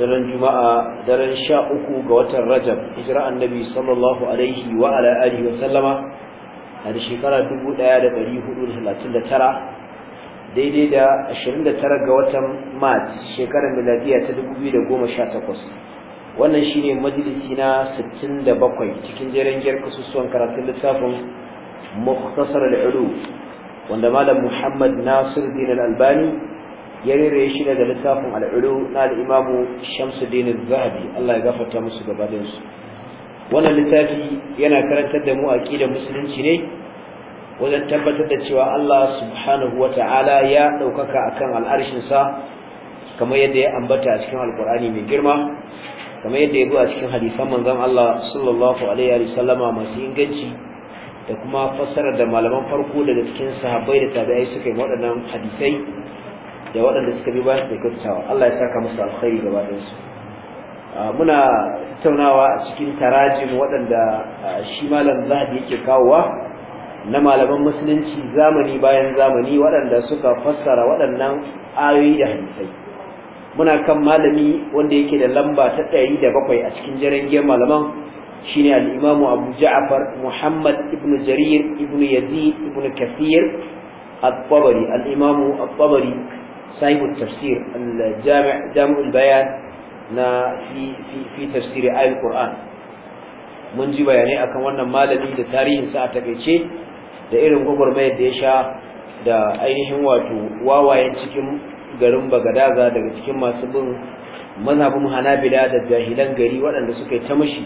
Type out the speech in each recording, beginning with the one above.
daren juma'a daren sha uku ga watan rajab hijira annabi sallallahu alaihi wa ala alihi wa sallama a da shekara 1439 daidai da 29 ga watan mat shekarar miladiya ta 2018 wannan shine majalisi na 67 cikin jeren giyar kasusuwan karatun littafin mukhtasar al wanda malam muhammad nasir din al-albani ya rere shi daga littafin al'ulu na al'imamu shamsuddin zahabi Allah ya gafarta musu gabaninsu wannan littafi yana karantar da mu da musulunci ne wajen tabbatar da cewa Allah subhanahu ta'ala ya ɗaukaka akan kan sa kamar yadda ya ambata a cikin al'kur'ani mai girma kamar yadda ya zo a cikin hadisan manzan Allah sallallahu alaihi wa sallama masu inganci da kuma fassarar da malaman farko daga cikin sahabbai da tabi'ai suka yi waɗannan hadisai da waɗanda suka bi bayan da kyautatawa Allah ya saka musu alkhairi gaba da su ah, muna tattaunawa a cikin tarajin waɗanda ah, shi malam zahabi yake kawowa na malaman musulunci zamani bayan zamani waɗanda suka fassara waɗannan ayoyi da hadisai muna kan malami wanda yake da lamba ta ɗari da bakwai a cikin jarangiyar malaman shine al-imamu abu ja'far muhammad ibnu jarir ibnu Yazi, ibnu kafir al-tabari al-imamu صاحب التفسير الجامع جامع البيان na fi في tafsiri ayat Qur'an mun ji bayanai akan wannan malami da tarihin sa a takeice da irin gwagwarmayar da ya sha da ainihin wato wawayen cikin garin Bagadaza daga cikin masu bin mazhabin Hanabila da jahilan gari waɗanda suka yi ta mashi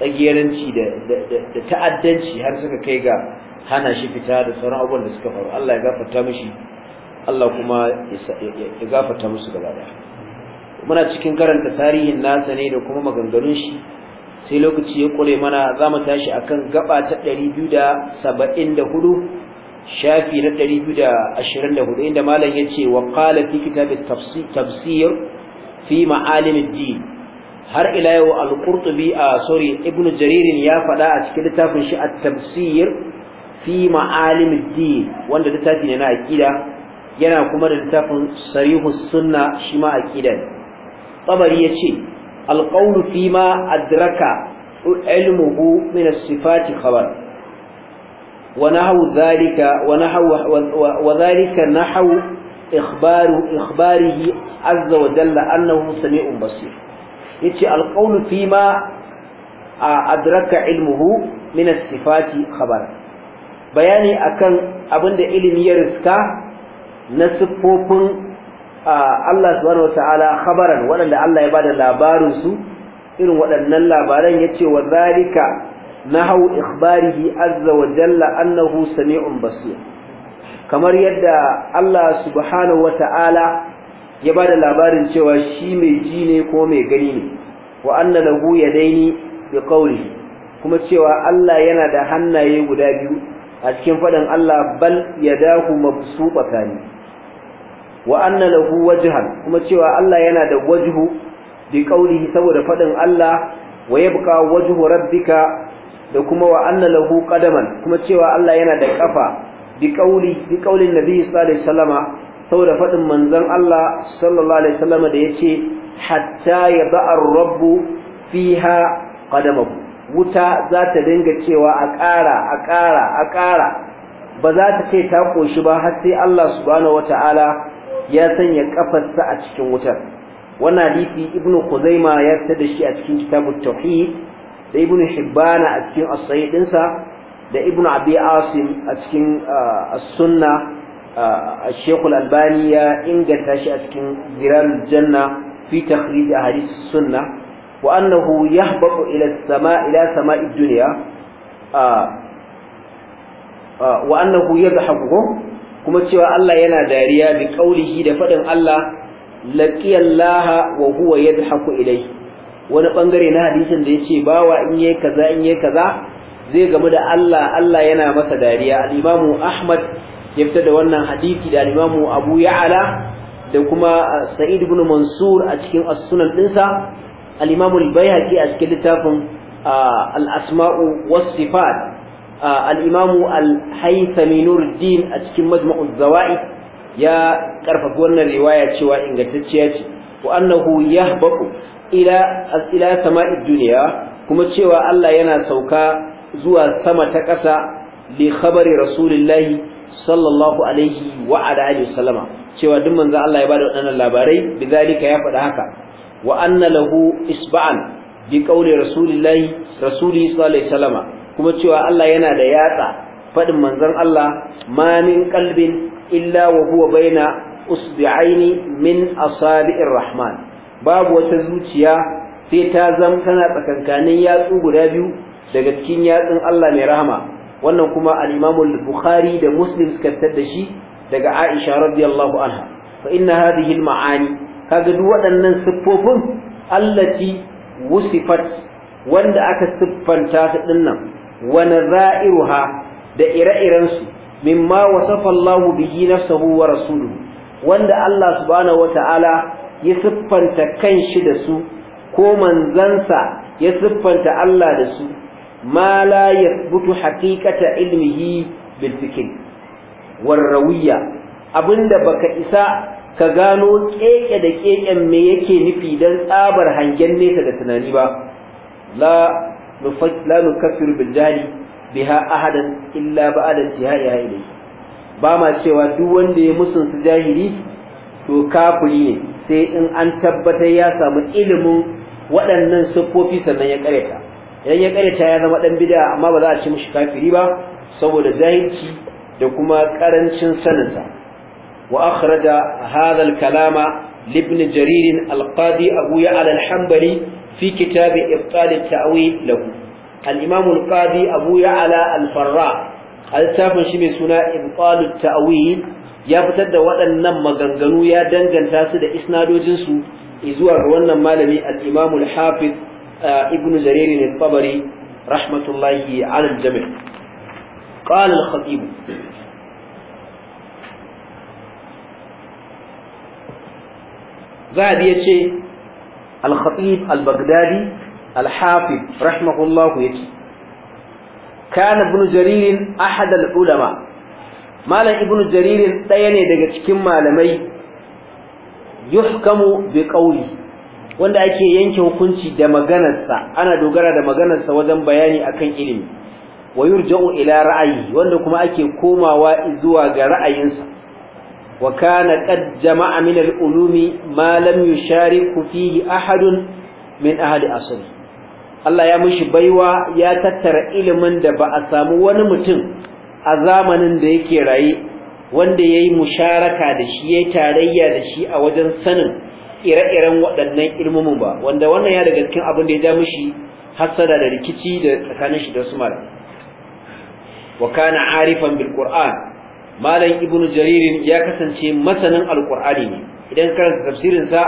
tsagiyaranci da ta'addanci har suka kai ga hana shi fita da sauran abubuwan da suka faru Allah ya gafarta mishi Allah kuma ya gafata musu gaba daya muna cikin karanta tarihin nasa ne da kuma maganganun shi sai lokaci ya kure mana za mu tashi akan gaba ta 274 shafi na 224 inda malam ya wa qala fi kitab tafsir fi ma'alim ad-din har ila yau al-qurtubi a sorry ibn Jaririn ya faɗa a cikin littafin shi a tafsir fi ma'alim ad-din wanda littafi ne na aqida yana kuma da littafin sarihu sunna shi ma tabari yace alqawlu fi ma adraka ilmuhu min sifati khabar wa nahu dhalika wa nahu wa dhalika nahu ikhbaru ikhbarihi azza yace alqawlu fi ma adraka ilmuhu min as-sifati bayani akan abinda ilimi ya riska na siffofin Allah subhanahu ta'ala khabaran waɗanda Allah ya bada labarin su irin waɗannan labaran ya ce wa zalika hau ikhbarihi azza wa jalla annahu sami'un basir kamar yadda Allah subhanahu ta'ala ya bada labarin cewa shi mai ji ne ko mai gani ne wa anna lahu yadaini bi kauri kuma cewa Allah yana da hannaye guda biyu a cikin fadan Allah bal yadahu mabsutatani wa anna lahu wajhan kuma cewa Allah yana da wajhu bi qaulihi saboda fadin Allah wa yabqa wajhu rabbika da kuma wa anna lahu qadaman kuma cewa Allah yana da kafa bi qauli bi qaulin nabi sallallahu alaihi wasallama saboda fadin manzon Allah sallallahu alaihi wasallama da yace hatta yada'a ar-rabbu fiha qadamahu wuta za ta dinga cewa a ƙara a ƙara a ƙara ba za ta ce ta koshi ba har sai Allah subhanahu wataala ya sanya kafarsa a cikin wutar wannan hadisi ibnu khuzaima ya tada shi a cikin kitabu tauhid da ibnu hibbana a cikin as da ibnu abi asim a cikin uh, as-sunna ash-shaykh uh, al-albani ya inganta shi a cikin ziran janna fi takhrij ahadith sunna wa annahu yahbatu ila as-sama' ila sama'i ad-dunya uh, wa annahu yadhhabu kuma cewa Allah yana dariya bi qaulihi da fadin Allah laqiyallaha wa huwa yadhaku ilai wani bangare na hadisin da yace bawa in yayi kaza in yayi kaza zai gamu da Allah Allah yana masa dariya al-Imam Ahmad ya da wannan hadisi da al-Imam Abu Ya'la da kuma uh, Sa'id ibn Mansur a cikin as-Sunan dinsa al-Imam al-Baihaqi a cikin littafin uh, al-Asma'u was-Sifat al-imamu al-haythami nuruddin a cikin majma'u zawa'i ya karfafa wannan riwaya cewa ingantacciya ce wa annahu yahbaqu ila ila sama'i dunya kuma cewa Allah yana sauka zuwa sama ta ƙasa li khabari rasulillahi sallallahu alaihi wa ala alihi wasallama cewa duk manzo Allah ya bada waɗannan labarai bizalika ya faɗa haka wa anna lahu isba'an bi qawli rasulillahi sallallahu alaihi kuma cewa Allah yana da yatsa faɗin manzon Allah ma min qalbin illa wa huwa baina usbi'aini min asabi'ir rahman babu wata zuciya sai ta zama tana tsakankanin yatsu guda biyu daga cikin yatsun Allah mai rahama wannan kuma al-Imam al-Bukhari da Muslim suka da shi daga Aisha radiyallahu anha fa inna hadhihi al-ma'ani kaga duk waɗannan siffofin allati wusifat wanda aka siffanta su dinnan wa nadha'iruha da ire-iren su mimma wasafa Allah bihi nafsuhu wa rasuluhu wanda Allah subhanahu wata'ala ya siffanta kanshi da su ko manzansa ya siffanta Allah da su ma la yathbutu haqiqata ilmihi bil fikr war rawiya abinda baka isa ka gano keke da keken me yake nufi dan tsabar hangen nesa da tunani ba la la nukaffiru bil jari biha ahadan illa ba'da intihaiha ilayhi ba cewa duk wanda ya musun su jahili to kafiri ne sai in an tabbatar ya samu ilimin waɗannan siffofi sannan ya kareta idan ya kareta ya zama ɗan bid'a amma ba za a ci mishi kafiri ba saboda jahilci da kuma ƙarancin saninsa wa akhraja hadha kalama libn jaririn, al-qadi abu ya'la fi kitabi ibtal at-ta'wil lahu al-imam tafin shi mai suna ibtal at ya fitar da waɗannan maganganu ya danganta su da isnadojinsu su zuwa ga wannan malami al-imam al-hafiz ya ce al-khatib al-baghdadi al-hafiz rahimahullah yace kana ibn jarir ahad al-ulama malam ibn jarir daya ne daga cikin malamai yuhkamu bi qawli wanda ake yanke hukunci da maganarsa ana dogara da maganarsa wajen bayani akan ilimi wa yurja'u ila ra'ayi wanda kuma ake komawa zuwa ga ra'ayinsa وكان قد جمع من العلوم ما لم يشارك فيه أحد من أهل أصله Allah ya mishi baiwa ya tattara ilimin da ba a samu wani mutum a zamanin da yake raye wanda yayi musharaka da shi ya tarayya da shi a wajen sanin ire-iren waɗannan ilmumin ba wanda wannan ya daga cikin abin da ya ja mishi hassada da rikici da tsakanin shi da su mara wa kana arifan bil qur'an malam ibnu jaririn ya kasance masanin alqur'ani ne idan karanta tafsirin sa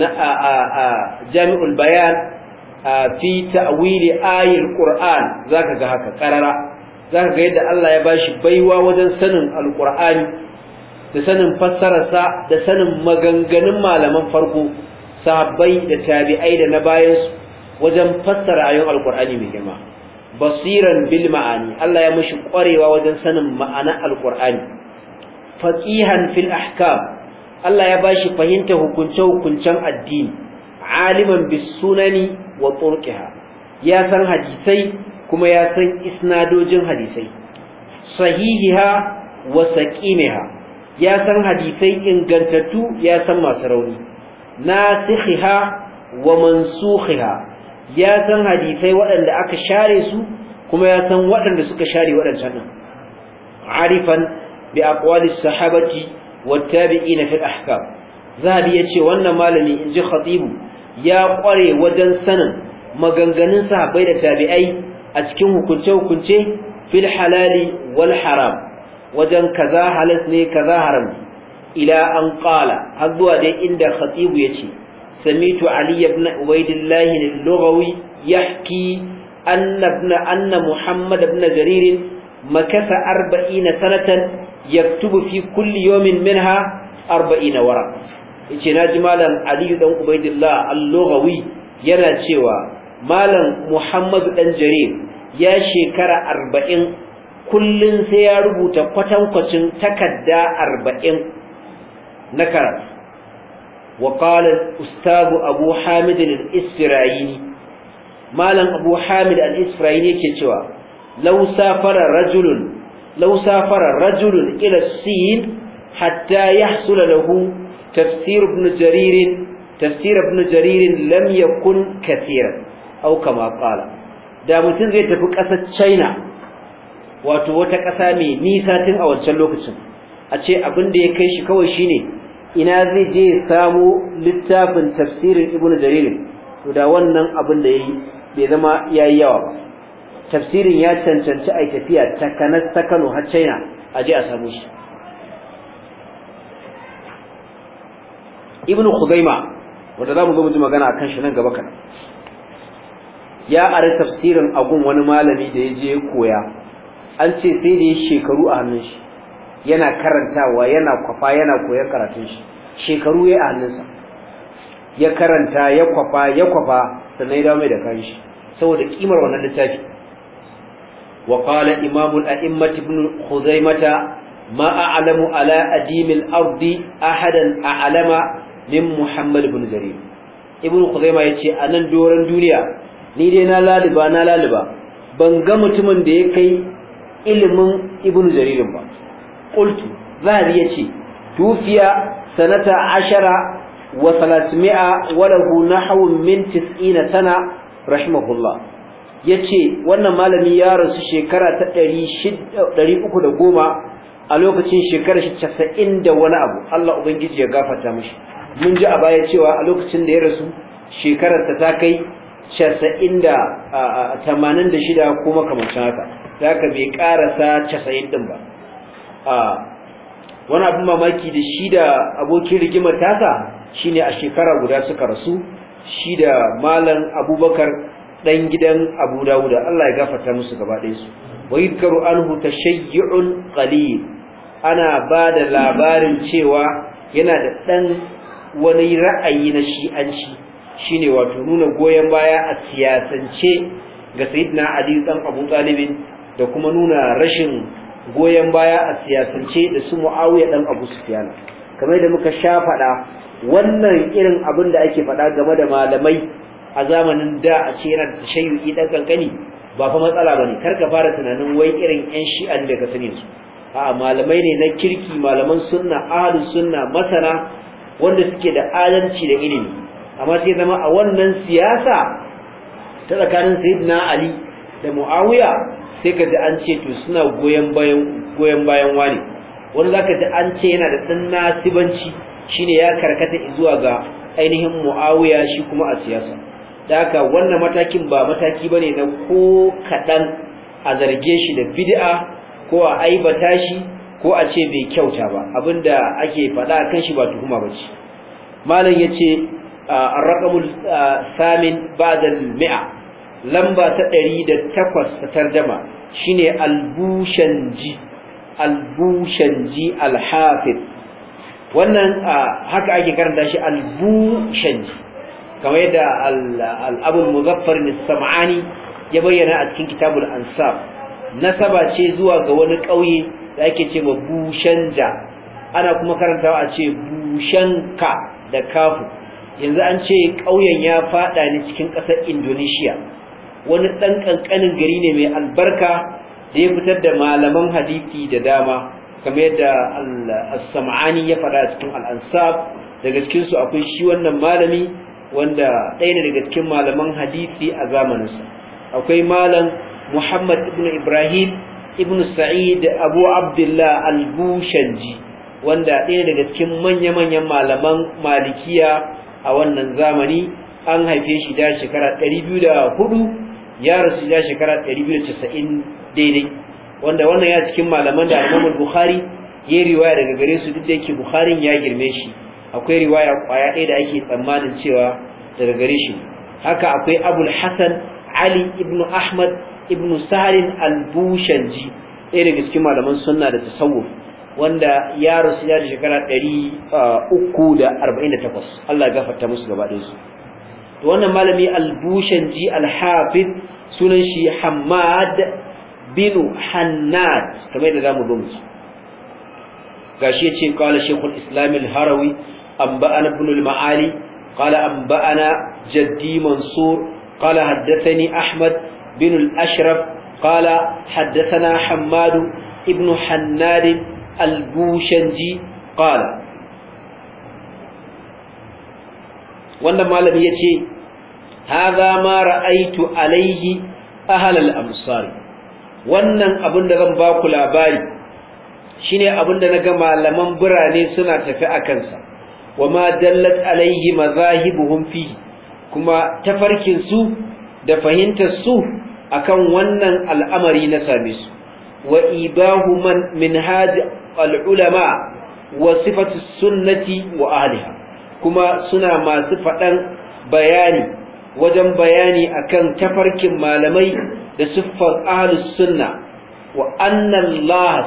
na a a jami'ul bayan fi ta'wili ayatul qur'an zaka ga haka karara zaka ga yadda Allah ya bashi baiwa wajen sanin alqur'ani da sanin fassararsa da sanin maganganun malaman farko sahabbai da tabi'ai da na bayansu wajen fassara ayoyin Alƙur'ani mai girma basiran bil ma'ani Allah ya mushi kwarewa wajen sanin ma'ana alqur'ani faqihan fil ahkam Allah ya bashi fahimta hukunce hukuncen addini aliman bis sunani wa turqiha ya san hadisai kuma ya san isnadojin hadisai sahihiha wa saqimiha ya san hadisai ingantattu ya san masu rauni nasikhiha wa mansukhiha ya san hadisai waɗanda aka share su kuma ya san waɗanda suka share waɗancan nan arifan bi aqwali sahabati wat tabi'in fi ahkam ya yace wannan malami inji khatibu ya kware wajen sanin maganganun sahabbai da tabi'ai a cikin hukunce-hukunce fil halali wal haram wajen kaza halas ne kaza haram ila an qala har zuwa dai inda khatibu yace سميت علي بن عبيد الله اللغوي يحكي أن ابن أن محمد بن جرير مكث أربعين سنة يكتب في كل يوم منها أربعين ورقة إيش مالا علي بن عبيد الله اللغوي yana cewa malam muhammadu dan jarir ya shekara arba'in kullum sai ya rubuta kwatankwacin takarda arba'in na karatu وقال الأستاذ أبو حامد الإسرائيلي مالا أبو حامد الإسرائيلي كتوى لو سافر رجل لو سافر رجل إلى الصين حتى يحصل له تفسير ابن جرير تفسير ابن جرير لم يكن كثيرا أو كما قال da mutum zai tafi ƙasar China wato wata ƙasa mai nisa tun a wancan lokacin a ce abin da ya kai shi kawai shine ina zai je samu littafin tafsirin ibnu jarir to da wannan abin da yayi bai zama yayi yawa ba tafsirin ya cancanci ai tafiya ta kanas ta Kano har China a je a samu shi ibnu khuzaima wanda zamu zo mu ji magana akan shi nan gaba kan ya are tafsirin agun wani malami da ya je koya an ce sai da shekaru a hannun shi yana karantawa yana kwafa yana koyar karatun shi shekaru ya a hannunsa ya karanta ya kwafa ya kwafa sannan ya dawo mai da kayan shi saboda kimar wannan littafi wa qala imamul a'immat ibn khuzaimata ma a'lamu ala adimil ardi ahadan a'lama min muhammad ibn jarir ibn خزيمة yace anan doran duniya ni dai na laliba na laliba ban ga mutumin da ya kai ilimin ibn jaririn ba qultu zahabi yace tufiya sanata ashara wa salatmi'a wa lahu nahwun min 90 sana rahimahullah yace wannan malami ya rasu shekara ta 310 a lokacin shekarar shi 90 da wani abu Allah ubangiji ya gafarta mishi mun ji a baya cewa a lokacin da ya rasu shekarar ta kai 90 86 ko makamancin haka zaka bai karasa 90 din ba a wani abin mamaki da shi da abokin rigimar tasa shi ne a shekara guda suka rasu shi da malam abubakar dan gidan abu dawuda allah ya gafarta musu gaba ɗaya su wa yadkaru anhu tashayyu'un qalil ana ba da labarin cewa yana da ɗan wani ra'ayi na shi'anci shine wato nuna goyon baya a siyasance ga sayyidina ali dan abu talibin da kuma nuna rashin goyon baya a siyasance da su muawiya dan abu sufyan kamar da muka sha faɗa wannan irin abin da ake faɗa game da malamai a zamanin da a ce yana da shayyuki dan kankani ba fa matsala bane kar ka fara tunanin wai irin yan shi'an da ka sani su a'a malamai ne na kirki malaman sunna ahli sunna masana wanda suke da adalci da ilimi amma sai zama a wannan siyasa ta tsakanin sayyidina ali da muawiya sai ka ji an ce to suna goyon bayan goyon bayan wani wani ka ji an ce yana da ɗan nasibanci shine ya karkata zuwa ga ainihin Muawiya shi kuma a siyasa da haka wannan matakin ba mataki bane na ko kaɗan a zarge shi da bid'a ko a aibata shi ko a ce bai kyauta ba abinda ake faɗa kan shi ba tuhuma ba ce. malam yace الرقم samin بعد mi'a. lamba ta ɗari da takwas ta tarjama shine albushanji albushanji alhafid wannan haka ake karanta shi albushanji kamar yadda al'abun muzaffar nisam'ani ya bayyana a cikin kitabul ansab nasaba ce zuwa ga wani ƙauye da ake ce ma bushanja ana kuma karantawa a ce bushanka da kafu yanzu an ce ƙauyen ya faɗa ne cikin ƙasar indonesia wani ɗan ƙanƙanin gari ne mai albarka da ya fitar da malaman hadisi da dama kamar yadda al-sam'ani ya faɗa a cikin al-ansab daga cikin su akwai shi wannan malami wanda ɗaya ne daga cikin malaman hadisi a zamaninsa akwai malam muhammad ibn ibrahim ibn sa'id abu abdullah al-bushanji wanda ɗaya daga cikin manya-manyan malaman malikiya a wannan zamani an haife shi da shekara 204 ya rasu ya shekara 290 daidai wanda wannan ya cikin malaman da Imam Bukhari ya riwaya daga gare su duk da yake Bukharin ya girme shi akwai riwaya kwaya ɗaya da ake tsammanin cewa daga gare shi haka akwai Abul Hasan Ali ibn Ahmad ibn Salim al-Bushanji ɗaya daga cikin malaman sunna da tasawuf wanda ya rasu ya shekara 348 ah, Allah ya gafarta musu gaba ɗaya to wannan malami albushanji bushanji al-hafiz sunan shi hammad binu hannad kamar da zamu zo yace qala shaykhul islam al-harawi anba'ana ibn al-ma'ali qala ba'ana jaddi mansur qala haddathani ahmad bin al-ashraf قال حدثنا حماد ibnu حناد albushanji قال wannan malami ce, haza ma ra'aitu alaihi ahal al-amsar wannan abin da zan ba ku labari shine abin da naga malaman burane suna tafi akan sa wama dallat alayhi mazahibuhum fihi kuma tafarkin su da fahimtar su akan wannan al'amari na same su wa ibahu man minhaj al-ulama wa sifatu sunnati wa ahliha kuma suna masu faɗan bayani wajen bayani akan tafarkin malamai da siffar ahlus sunna wa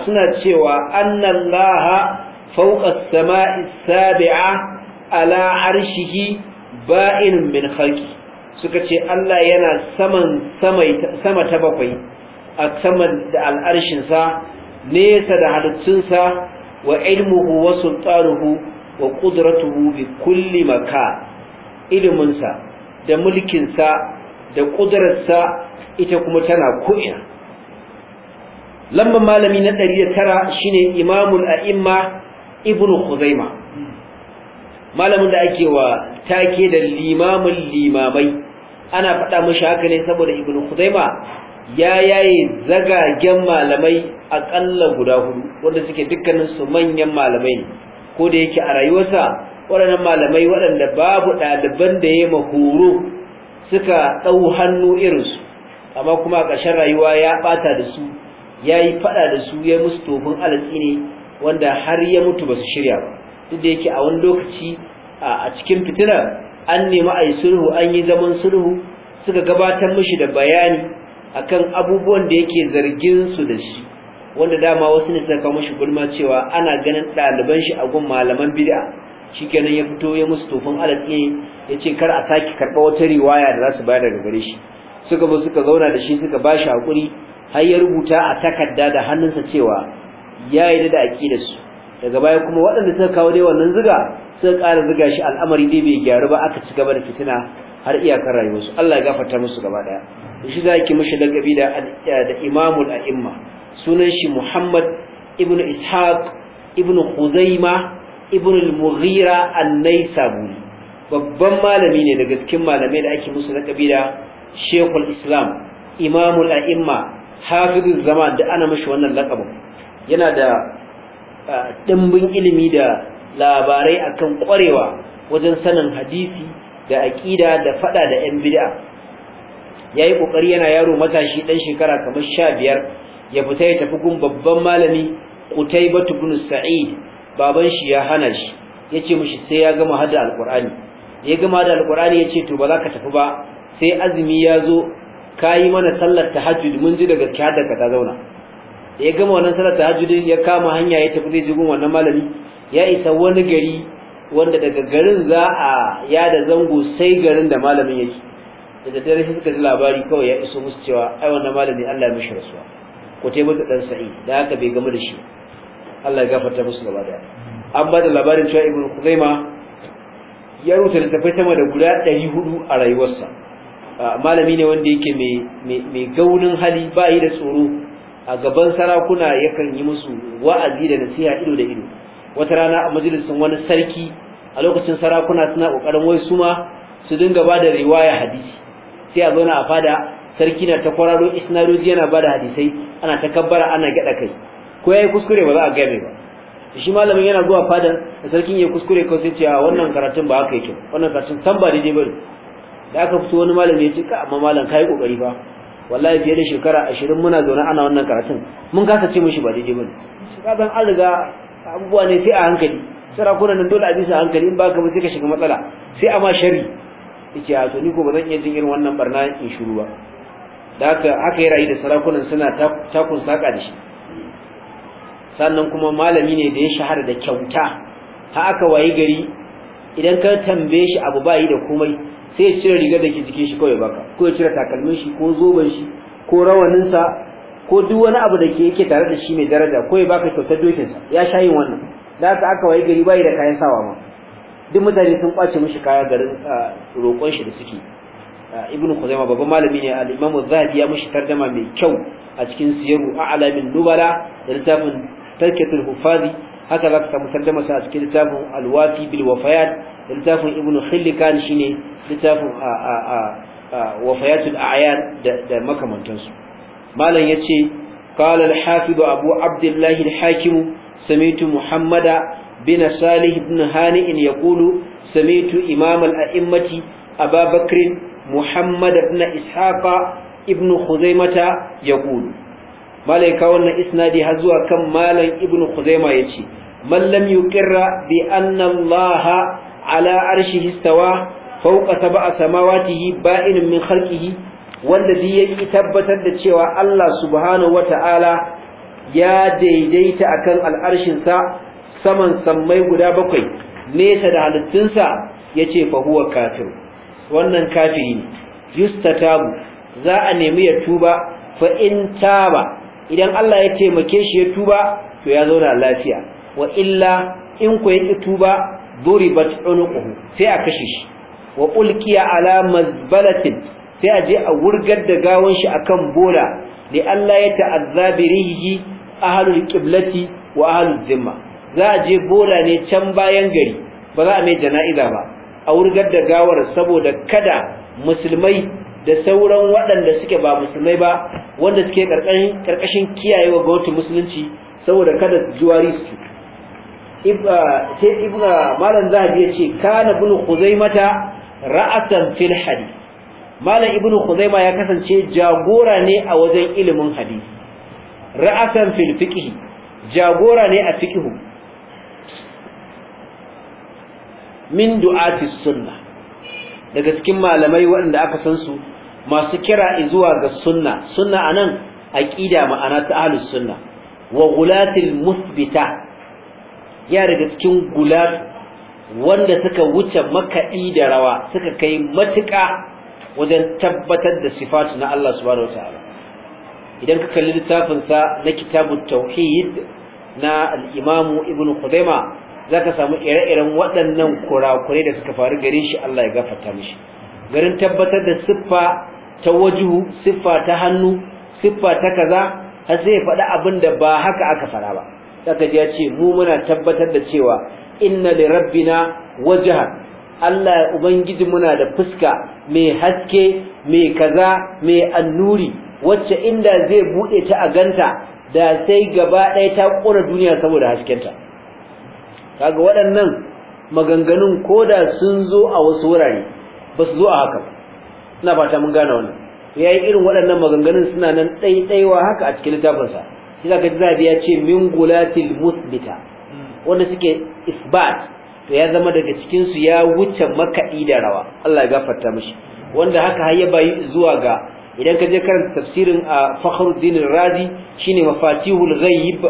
suna cewa annallaha laha, as-sama'i sabia ala arshihi ba'in min khalqi suka ce Allah yana saman sama ta bakwai a saman da al'arshinsa nesa da halittunsa wa ilmuhu wa sultanuhu wa qudratuhu bi kulli maka iliminsa da mulkinsa da ƙudurarsa ita kuma tana ko'ina lamban malami na ɗari da tara shine imamul a'imma ibn khuzaima malamin da ake wa take da limamin limamai ana faɗa mashi haka ne saboda ibn khuzaima ya yaye zagagen malamai aƙalla guda hudu wanda suke dukkaninsu manyan malamai ne ko da yake a rayuwarsa waɗannan malamai waɗanda babu ɗaliban da ya mahoro suka ɗau hannu irinsu amma kuma a ƙarshen rayuwa ya ɓata da su ya yi faɗa da su ya musu tofin alatsi ne wanda har ya mutu ba su shirya ba duk da yake a wani lokaci a cikin fitinar an nemi a yi sulhu an yi zaman sulhu suka gabatar mishi da bayani akan abubuwan da yake zargin su da shi wanda dama wasu ne suka kawo mashi gulma cewa ana ganin ɗaliban shi a gun malaman bid'a shikenan ya fito ya musu tofin alatsi ya ce kar a sake karɓa wata riwaya da za su bayar daga gare shi suka bi suka zauna da shi suka ba shi haƙuri har ya rubuta a takarda da hannunsa cewa ya yi da aƙidar su daga baya kuma waɗanda suka kawo dai wannan ziga suka ƙara ziga shi al'amari dai bai gyaru ba aka ci gaba da fitina har iyakar rayuwarsu Allah ya gafarta musu gaba ɗaya shi za ki mishi lakabi da imamul a'imma sunan shi Muhammad ibn Ishaq ibn Khuzaima ibn al-Mughira an-Naisaburi babban malami ne daga cikin malamai da ake musu na kabila Sheikhul Islam Imamul A'imma Hafizul Zaman da ana mashi wannan lakabin yana da dimbin ilimi da labarai akan kwarewa wajen sanin hadisi da aqida da fada da yan bid'a yayi kokari yana yaro matashi dan shekara kamar 15 ya fita ya tafi gun babban malami Qutaybah ibn Sa'id baban shi ya hana shi yace mishi sai ya gama hada alqur'ani ya gama da alqur'ani yace to ba za ka tafi ba sai azumi ya zo kai mana sallar tahajjud mun ji daga kiyada ka ta zauna ya gama wannan sallar tahajjud ya kama hanya ya tafi zai gun wannan malami ya isa wani gari wanda daga garin za a yada zango sai garin da malamin yake da dare shi suka ji labari kawai ya iso musu cewa ai wannan malami Allah ya mishi rasuwa kutaybatu dan sa'i da haka bai gamu da shi Allah ya gafarta musu gaba daya an ba da labarin cewa ibnu kuzaima ya rubuta tafai sama da guda 400 a rayuwarsa malami ne wanda yake mai mai gaunin hali ba yi da tsoro a gaban sarakuna yakan yi musu wa'azi da nasiha ido da ido wata rana a majalisin wani sarki a lokacin sarakuna suna kokarin wai su ma su dinga bada da riwaya hadisi sai a zauna a fada sarki na ta kwararo isnadoji yana bada hadisai ana ta kabbara ana gada kai ko yayi kuskure ba za a gaya ba shi malamin yana zuwa fadan da sarkin ya kuskure ko sai ce a wannan karatun ba haka yake wannan karatun san ba daidai ba da aka fito wani malami ya ce ka amma malam kai kokari fa wallahi fiye da shekara 20 muna zaune ana wannan karatun mun kasa ce mishi ba daidai ba shi ka san an riga abubuwa ne sai a hankali kuna nan dole a bisa hankali in ba ka ba sai ka shiga matsala sai amma ma shari yace a to ni ko ba zan iya jin irin wannan barna in shiru ba da haka yi rayu da sarakunan suna takun saka da shi sannan kuma malami ne da ya shahara da kyauta ha aka wayi gari idan ka tambaye shi abu bayi da komai sai ya cire rigar da ke jikin shi kawai baka ko ya cire takalmin shi ko zoben shi ko rawanin sa ko duk wani abu da ke yake tare da shi mai daraja ko ya baka kyautar dokin sa ya sha yin wannan da haka aka wayi gari bayi da kayan sawa ma duk mutane sun kwace mishi kaya garin ah, roƙon shi da suke ibnu khuzaima babban malami ne al-imam az-zahabi ya mushi tarjuma mai kyau a cikin siyaru a'lamin nubala da littafin tarkatul hufazi haka zaka samu tarjuma sa a cikin littafin al-wafi bil wafayat da littafin ibnu khillikan shine littafin wafayatul a'yan da makamantansu malam yace قال الحافظ أبو عبد الله الحاكم سميت محمد بن صالح بن هانئ يقول سميت إمام الأئمة أبا بكر muhammad na ishaqa ibn khuzaimata yaqulu malai ka wannan isnadi har zuwa kan malam ibn khuzaima yace man lam yuqirra bi anna allah ala arshihi istawa fawqa sab'a samawatihi ba'in min khalqihi wanda zai yi tabbatar da cewa Allah subhanahu wata'ala ya daidaita a kan al'arshinsa saman sammai guda bakwai nesa da halittunsa ya ce huwa kafir wannan kafiri yustatabu za a nemi ya tuba fa in taba idan Allah ya taimake shi ya tuba to ya zauna lafiya wa illa in ku yi tuba duribat unuquhu sai a kashe shi wa ulqiya ala mazbalatin sai a je a wurgar da gawon shi akan bola li Allah ya ta'azza bi ahlul qiblati wa ahlul zimma za a je bola ne can bayan gari ba za a mai jana'iza ba a wurgar da gawar saboda kada musulmai da sauran waɗanda suke ba musulmai ba wanda suke ƙarƙashin kiyaye kiyayewa gwamnatin musulunci saboda kada juwari su ah, sai ibn malam zahabi yace kana ibn khuzaimata ra'atan fil hadith malam ibn khuzaima ya kasance jagora ne a wajen ilimin hadisi ra'atan fil fiqh jagora ne a fiqh min du'ati sunna daga cikin malamai waɗanda aka san su masu kira zuwa ga sunna sunna anan aqida ma'ana ta ahlus sunna wa gulatil musbita ya daga cikin gulat wanda suka wuce makaɗi da rawa suka kai matuƙa wajen tabbatar da sifatu na Allah subhanahu wataala idan ka kalli littafin sa na kitabut tauhid na al-imamu ibnu khudaimah za ka samu ire-iren waɗannan kurakurai da suka faru gare shi Allah ya gafarta mishi garin tabbatar da siffa ta wajuhu siffa ta hannu siffa ta kaza har sai ya faɗi abin da ba haka aka fara ba saka ji ya ce mu muna tabbatar da cewa inna li rabbina wajha Allah ya ubangiji muna da fuska mai haske mai kaza mai annuri wacce inda zai bude ta a ganta da sai gaba ɗaya ta ƙora duniya saboda haskenta kaga waɗannan maganganun da sun zo a wasu wurare ba su zo a haka ina fata mun gane wannan ya yi irin waɗannan maganganun suna nan ɗaiɗaiwa haka a cikin littafinsa shi za ka ji zabi ya ce min gulatil musbita wanda suke isbat to ya zama daga cikinsu ya wuce makaɗi da rawa Allah ya gafarta mishi wanda haka har ya bayi zuwa ga idan ka je karanta tafsirin a Fakhruddin Razi shine mafatihul ghaib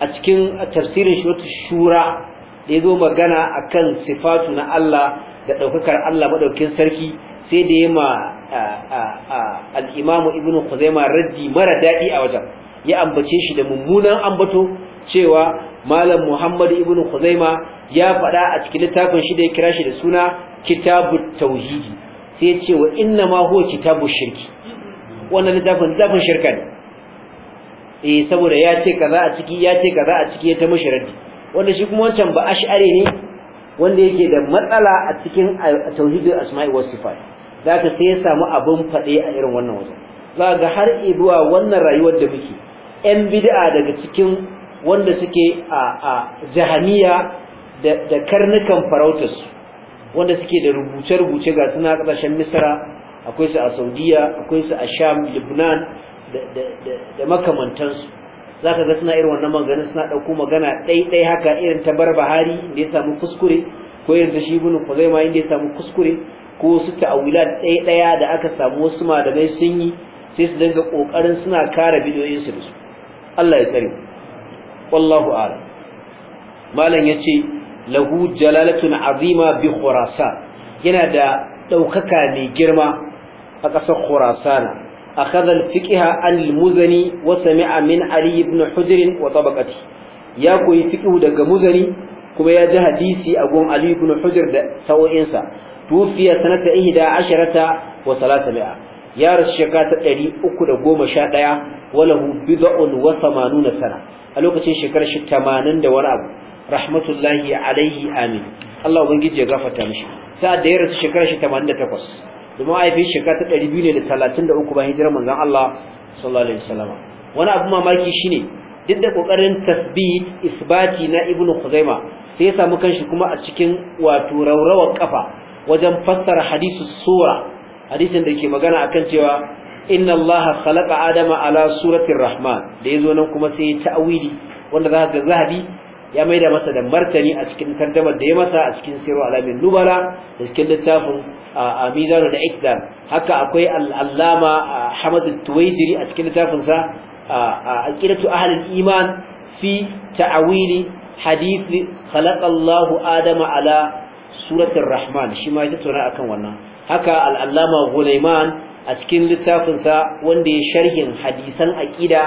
a cikin tafsirin shura da zo magana a kan sifatu na Allah da ɗaukakar Allah maɗaukin sarki sai da ya al-Imam ibn Khuzaima raddi mara daɗi a wajen ya ambace shi da mummunan ambato cewa malam Muhammad ibn Khuzaima ya faɗa a cikin littafin shi da ya kira shi da suna kitabu tauhidi sai ya ce wa inna ma huwa kitabu shirki wannan littafin littafin shirka ne eh saboda ya ce kaza a ciki ya ce kaza a ciki ya ta mashi raddi wanda shi kuma wancan ba ash'ari ne wanda yake da matsala a cikin tauhidul asma'i was sifat zaka sai ya samu abin fade a irin wannan wajen za ga har zuwa wannan rayuwar da muke yan bid'a daga cikin wanda suke a a jahamiya da da karnukan farautas, wanda suke da rubuce-rubuce ga suna kasashen misra akwai su a saudiya akwai su a sham libnan da makamantansu za ka ga suna irin wannan magana suna ɗauko magana ɗaiɗai haka irin ta bar bahari da ya samu kuskure ko irin ta shi gudun kwazai ma inda ya samu kuskure ko su ta'awila ɗaiɗaya da aka samu wasu ma malamai sun yi sai su dinga ƙoƙarin suna kare bidiyoyinsu da su Allah ya tsare wallahu a'lam malam yace lahu jalalatun azima bi khurasa yana da ɗaukaka mai girma a ƙasar khurasana أخذ الفقه عن المزني وسمع من علي بن حجر وطبقته يا كوي فقه دغ مزني كما يا جه حديثي أقوم علي بن حجر ده إنسا توفي سنة 11 عشرة 300 يا رس شكا 311 وله بضع و80 سنه a lokacin shekarar shi 80 da wani الله rahmatullahi alaihi amin Allah ubangiji ya gafarta mishi sa'ad da ya da mahaifin shekara ta ɗari biyu ne da talatin da uku bayan hijirar manzon Allah sallallahu alaihi wasallam wani abu mamaki shine duk da kokarin tasbit isbati na ibnu khuzaima sai ya samu kanshi kuma a cikin wato rawrawar kafa wajen fassara hadisu sura hadisin da ke magana akan cewa inna allaha khalaqa adama ala suratir rahman da yazo nan kuma sai ta'wili wanda za ga zahabi ya maida masa da martani a cikin tarjamar da ya masa a cikin siru alamin nubala da cikin littafin amizanu da ikdam haka akwai al'allama hamadu tuwaidiri a cikin littafinsa a aqidatu ahlul iman fi ta'awili hadisi khalaqallahu adama ala suratul rahman shi ma ya tsora akan wannan haka al'allama gulaiman a cikin littafinsa wanda ya sharhin hadisan aƙida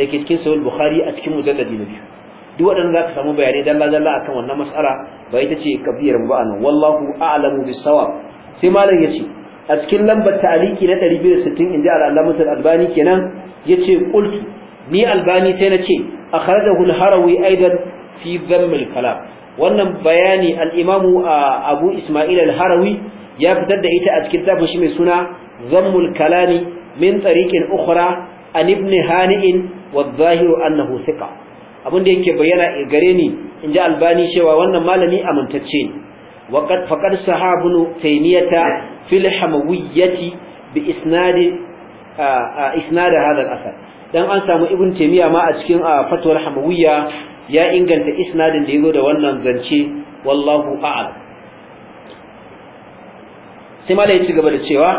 da ke cikin sahih bukhari a cikin mujalladi na biyu duk waɗannan za ka samu bayanai dalla dalla akan wannan mas'ala ba ita ce kafiyar mu ba nan wallahu a'lamu bis-sawab sai malam yace a cikin lambar ta'aliki na 260 inda al-Allamah al-Albani kenan yace qultu ni albani sai nace akhrajahu al-Harawi aidan fi dhamm al-kalam wannan bayani al-Imam Abu Isma'il al-Harawi ya fitar da ita a cikin tafin shi mai suna dhammul kalami min tariqin ukhra an ibn Hani'in wadh-dhahiru annahu thiqa abin da yake bayyana gare ni in ji albani cewa wannan malami amintacce ne waqad faqad sahabun taymiyata fil hamawiyyati bi isnad isnad al-asar dan an samu ibn taymiya ma a cikin fatwar hamawiyya ya inganta isnadin da ya zo da wannan zance wallahu a'lam sai malai ya ci gaba da cewa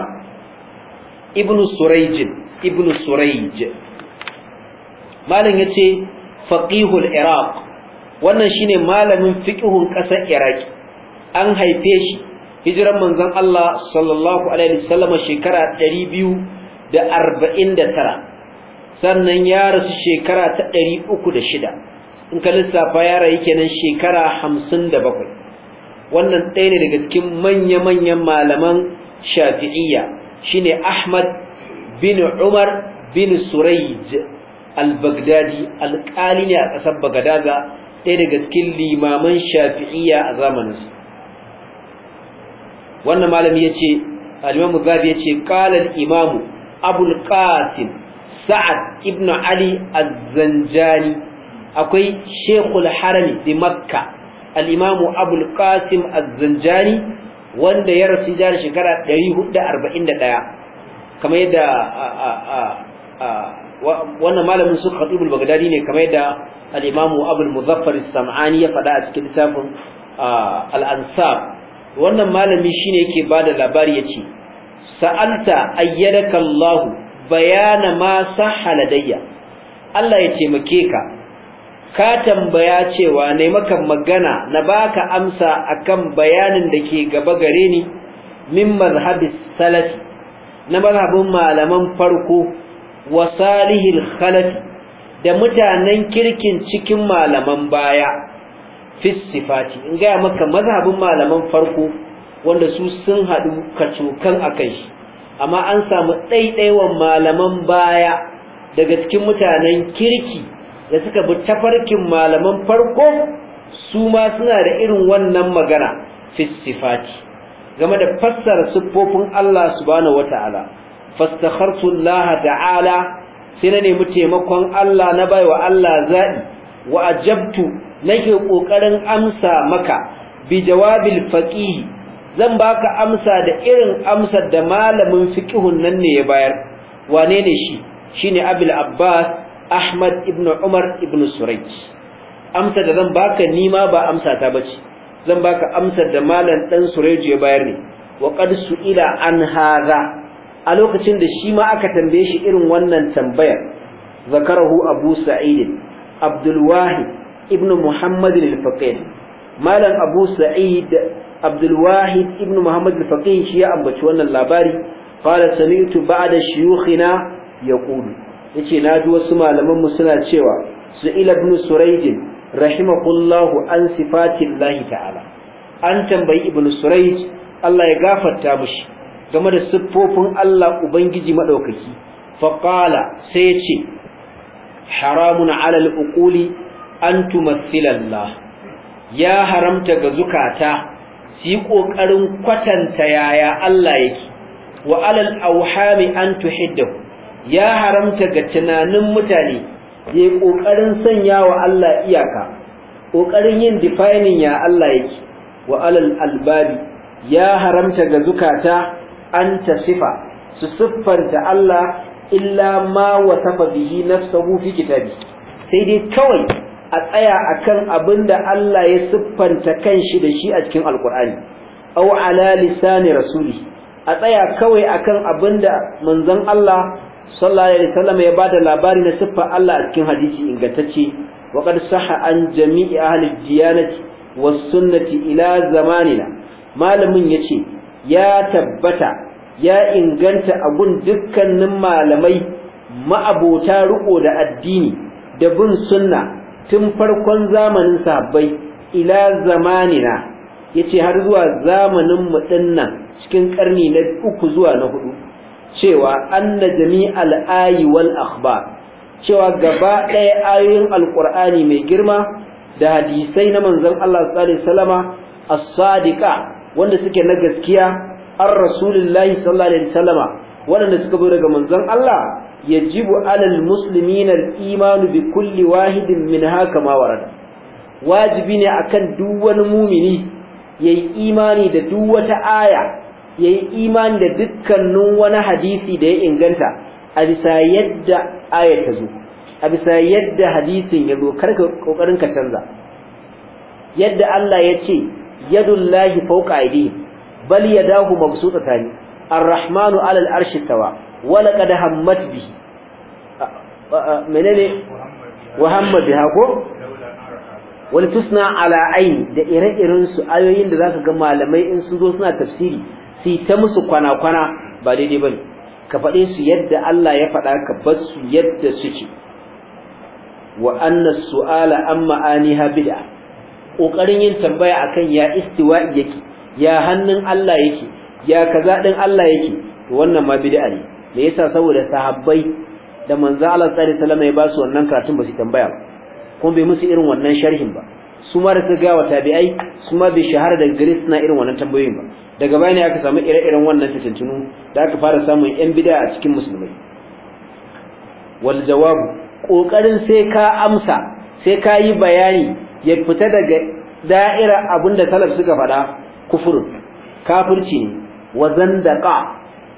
ibn surayj ibn surayj malam yace faqihul iraq wannan shine malamin fiqhun kasar iraki an haife shi hijiran manzon Allah sallallahu alaihi wasallam shekara 249 sannan ya rasu shekara ta 306 in ka lissafa yara yake nan shekara 57 wannan ɗaya ne daga cikin manya-manyan malaman shafi'iyya shine Ahmad bin Umar bin Surayj al-baghdadi alƙali ne a ƙasar bagadaza ɗaya daga cikin limaman shafi'iyya a zamaninsa wannan malami yace al-Imam zabi ya ce ƙalar imamu abul qasim sa'ad ibn ali al zanjani akwai Sheikhul harami di makka al-imamu abul qasim al zanjani wanda ya rasu jari shekara 441 kamar yadda wannan malamin su al-baghdadi ne kamar yadda al abu al muzaffar sam'ani ya faɗa a cikin littafin al-ansab wannan malami shine yake bada labari yace sa'alta ayyadaka Allah bayana ma sahala dayya Allah ya taimake ka ka tambaya cewa ne maka magana na baka amsa akan bayanin da ke gaba gare ni min mazhabis salaf na mazhabin malaman farko wa salihil khalaf da mutanen kirkin cikin malaman baya fi sifati in ga maka mazhabin malaman farko wanda su sun hadu kacokan akai amma an samu ɗaiɗaiwan malaman baya daga cikin mutanen kirki da suka bi tafarkin malaman farko su ma suna da irin wannan magana fi sifati game da fassara siffofin Allah subhanahu wataala fastakhartu Allah ta'ala sai na nemi taimakon Allah na baiwa Allah zabi wa ajabtu nake kokarin amsa maka bi jawabil faqih zan baka amsa da irin amsar da malamin fiqhun nan ne ya bayar wane ne shi shine Abul Abbas Ahmad ibn Umar ibn Surayj amsa da zan baka nima ba amsa ta bace zan baka amsar da malam dan Surayj ya bayar ne wa qad ila an hadha a lokacin da shi ma aka tambaye shi irin wannan tambayar zakarahu abu sa'id abdul wahid ibn muhammad al-faqih malam abu sa'id abdul wahid ibn muhammad al-faqih shi ya ambaci wannan labari qala sami'tu ba'da shuyukhina yaqulu yace na ji wasu malaman mu suna cewa su'ila ibn surayd rahimahullahu an sifatillahi ta'ala an tambayi ibn surayd Allah ya gafarta mushi game da siffofin Allah ubangiji madaukaki fa qala sai yace haramun ala al-uquli an tumathila Allah ya haramta ga zukata su yi ƙoƙarin kwatanta yaya Allah yake wa alal auhami an tuhiddahu ya haramta ga tunanin mutane ya yi ƙoƙarin sanya wa Allah iyaka ƙoƙarin yin defining ya Allah yake wa alal albabi ya haramta ga zukata an ta sifa su siffanta Allah illa ma wasafa bihi nafsuhu fi kitabi sai dai kawai a tsaya akan abinda Allah ya siffanta kanshi da shi a cikin alkur'ani aw ala lisani rasuli a tsaya kawai akan abinda manzon Allah sallallahu alaihi wasallam ya bada labari na siffa Allah a cikin hadisi ingantacce wa qad sahha an jami'i ahli diyanati was sunnati ila zamanina malamin yace ya tabbata ya inganta abun dukkanin malamai ma'abota riko da addini da bin sunna tun farkon zamanin sahabbai ila zamanina yace har zuwa zamanin mu dinnan cikin karni na uku zuwa na hudu cewa anna jami'al ayi wal akhbar cewa gaba ɗaya ayoyin alqur'ani mai girma da hadisai na manzon Allah sallallahu alaihi wasallama as-sadiqa wanda suke na gaskiya an rasulullahi sallallahu alaihi wasallama wanda suka bi daga manzon Allah yajibu alal muslimina al-iman bi kulli wahidin haka ma warada wajibi ne akan duk wani mumini yayi imani da duk wata aya yayi imani da dukkanin wani hadisi da ya inganta a bisa yadda aya ta zo a bisa yadda hadisin ya zo karka kokarin ka canza yadda Allah ya ce yadullahi fawqa aydihim bal yadahu mabsuutatan arrahmanu ala al'arshi tawa wa laqad hammat bi menene wa hamma biha ko tusna ala ayn da ire-iren su ayoyin da zaka ga malamai in su zo suna tafsiri sai ta musu kwana-kwana ba daidai bane ka faɗi su yadda Allah ya faɗa ka bar su yadda suke wa anna su'ala amma aniha bid'ah kokarin yin tambaya akan ya istiwa'i yake ya hannun Allah yake ya kaza din Allah yake to wannan ma bid'a ne me yasa saboda sahabbai da manzo Allah sallallahu alaihi wasallam ya ba su wannan karatun ba su tambaya ba kuma bai musu irin wannan sharhin ba su ma da ga wa tabi'ai su ma bai shahara da gare suna irin wannan tambayoyin ba daga baya aka samu ire-iren wannan fitintunu da aka fara samun yan bid'a a cikin musulmai wal jawab kokarin sai ka amsa sai ka yi bayani ya fita daga da'ira abinda salaf suka faɗa kufur kafirci ne wa da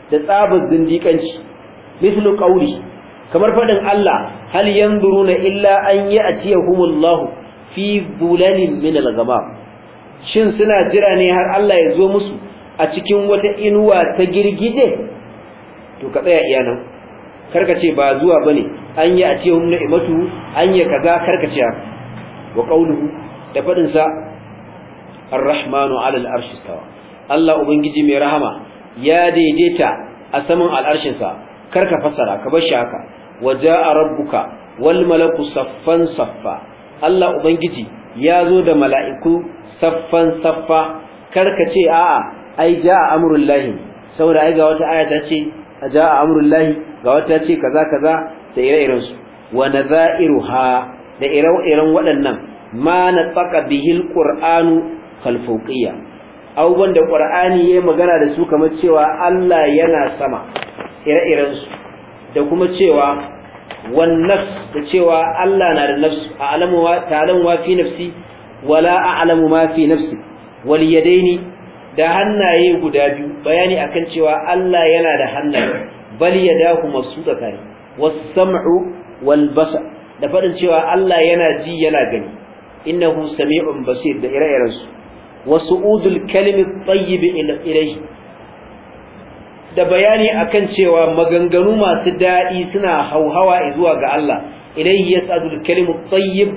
tsabar zindikanci, mislu qauli kamar faɗin Allah hal yanzuruna illa an ya'tiyahumullahu fi zulalin min al-ghamam shin suna jira ne har Allah ya zo musu a cikin wata inuwa ta girgije to ka tsaya iya nan karka ce ba zuwa bane an yi a ce na'imatu an ya kaza karka ce wa qawluhu da fadin sa ar-rahmanu 'ala al-arshi stawa Allah ubangiji mai rahama ya daidaita a saman al al'arshin sa karka fassara ka bar shi haka wa jaa rabbuka wal malaku saffan saffa Allah ubangiji ya zo da mala'iku saffan saffa karka ce a'a ai jaa amrul lahi saboda ai ga wata aya ta ce jaa amrul lahi ga wata ce kaza kaza da ire-irensu wa nadha'iruha da ire-iren waɗannan ma na tsaka bihil ƙur'anu kalfauƙiyya abubuwan da ƙur'ani ya magana da su kamar cewa Allah yana sama ire-irensu da kuma cewa wannan da cewa Allah na da nafsu a alamu ma fi nafsi wala a alamu ma fi nafsi wal yadaini da hannaye guda biyu bayani akan cewa Allah yana da hannaye bal yadahu masu tsakari? was sam'u wal basar da faɗin cewa Allah yana ji yana gani innahu sami'un basir da ire-iren su wa su'udul kalimi da bayani akan cewa maganganu masu daɗi suna hauhawa zuwa ga Allah ya yas'adul kalimu tayyib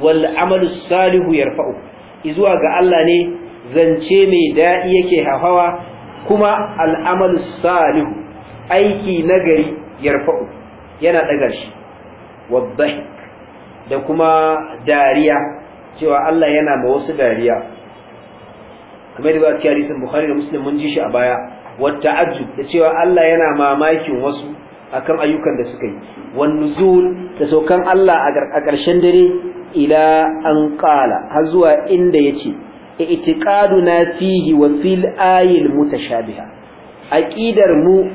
wal amalu salihu yarfa'u zuwa ga Allah ne zance mai daɗi yake hauhawa kuma al'amalu salihu aiki nagari yarfa'u yana ɗaga shi Wabbahi da kuma dariya cewa Allah yana ma wasu dariya kamar da zaki hadisin Bukhari da Muslim mun ji shi a baya wa ta'ajjub da cewa Allah yana mamakin wasu akan ayyukan da suka yi wan nuzul da saukan Allah a ƙarshen dare ila an qala har zuwa inda yace na fihi wa fil ayil mutashabiha aqidar mu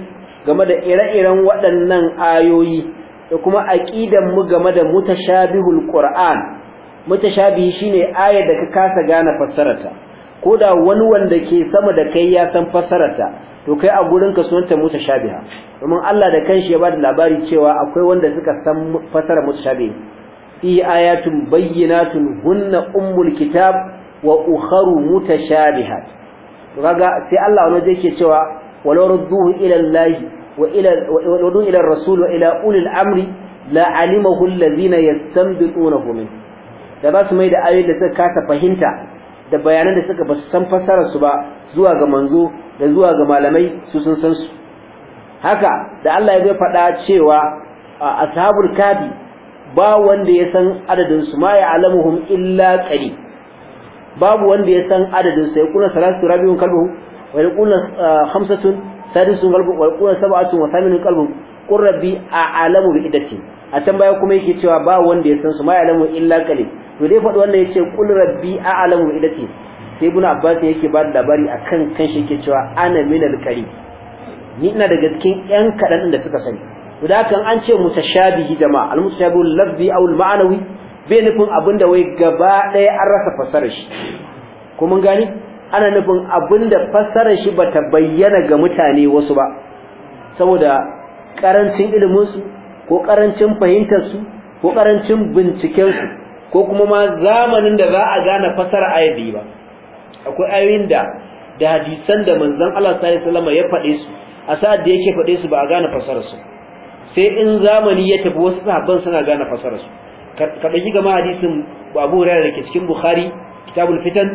game da ire-iren waɗannan ayoyi da kuma aqidan mu game da mutashabihul qur'an mutashabihi shine ayar da ka kasa gane fassararta da wani wanda ke sama da kai ya san fassararta to kai a gurin ka sunanta mutashabiha domin Allah da kanshi ya bada labari cewa akwai wanda suka san fassarar mutashabihi fi ayatun bayyinatun hunna ummul kitab wa ukharu mutashabihat to kaga sai Allah wani yake cewa walau rudduhu ila وادعو إلى الرسول وإلى أولي الأمر علمه الذين يستنبطونه منه da ba su mai da ayoyin da suka kasa fahimta da bayanan da suka ba su san fassarar su ba zuwa ga manzo da zuwa ga malamai su sun san su haka da Allah ya zai faɗa cewa ashabul kabi ba wanda ya san adadin su ma ya alamuhum illa qali babu wanda ya san adadin su ya kuna salatu rabiun kalbu wa ya kuna khamsatun sadisun qalbun wal qura sab'atun wa thaminun qalbun qur rabbi a'lamu bi iddati a can baya kuma yake cewa ba wanda ya san su ma ya'lamu illa qalil to dai faɗi wannan yace qul rabbi a'lamu bi iddati sai ibn abbas yake ba da labari akan kan shi yake cewa ana min alqari ni ina daga cikin yan kadan da suka sani to da kan an ce mutashabihi jama'a al-mutashabihu lafzi aw al-ma'nawi bai nufin abinda wai gaba ɗaya an rasa fasarar shi ko gani ana nufin da fassarar shi bata bayyana ga mutane wasu ba saboda karancin ilimin su ko karancin fahimtar su ko karancin binciken su ko kuma ma zamanin da za a gane fassarar ayoyi ba akwai ayoyin da da hadisan da manzon Allah sallallahu alaihi wasallam ya faɗe su a sa'ad da yake faɗe su ba a gane fassarar su sai in zamani ya tafi wasu sahabban suna gane fassarar su ka dauki gama hadisin Abu Hurairah da ke cikin Bukhari kitabul fitan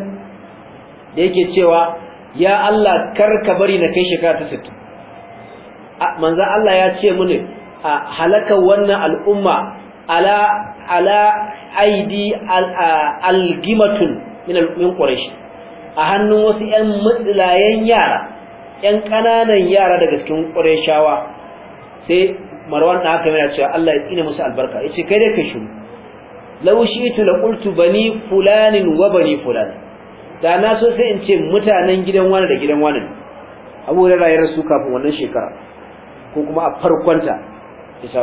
da yake cewa ya Allah kar ka bari na kai shekara ta 60 manzo Allah ya ce mini halaka wannan al'umma ala ala aidi algimatun min al'ummin quraish a hannun wasu ƴan mutsilayen yara ƴan ƙananan yara daga cikin qurayshawa sai marwan da haka yana cewa Allah ya tsine musu albarka yace kai dai kai shi Laushi ita la bani fulanin wa bani fulanin da na so sai in ce mutanen gidan wani da gidan wani abu da rayuwar su kafin wannan shekara ko kuma a farkonta isa